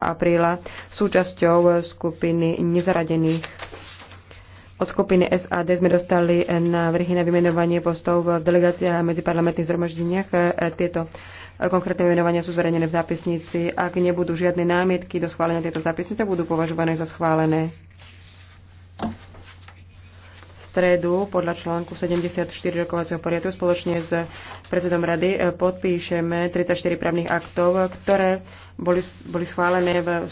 apríla súčasťou skupiny nezaradených. Od skupiny SAD sme dostali návrhy na vymenovanie postov v delegáciách a medziparlamentných zhromaždeniach. Tieto konkrétne vymenovania sú zverejnené v zápisnici. Ak nebudú žiadne námietky do schválenia tejto zápisnice, budú považované za schválené stredu podľa článku 74 rokovacieho poriadku spoločne s predsedom rady eh, podpíšeme 34 právnych aktov, ktoré boli, boli schválené v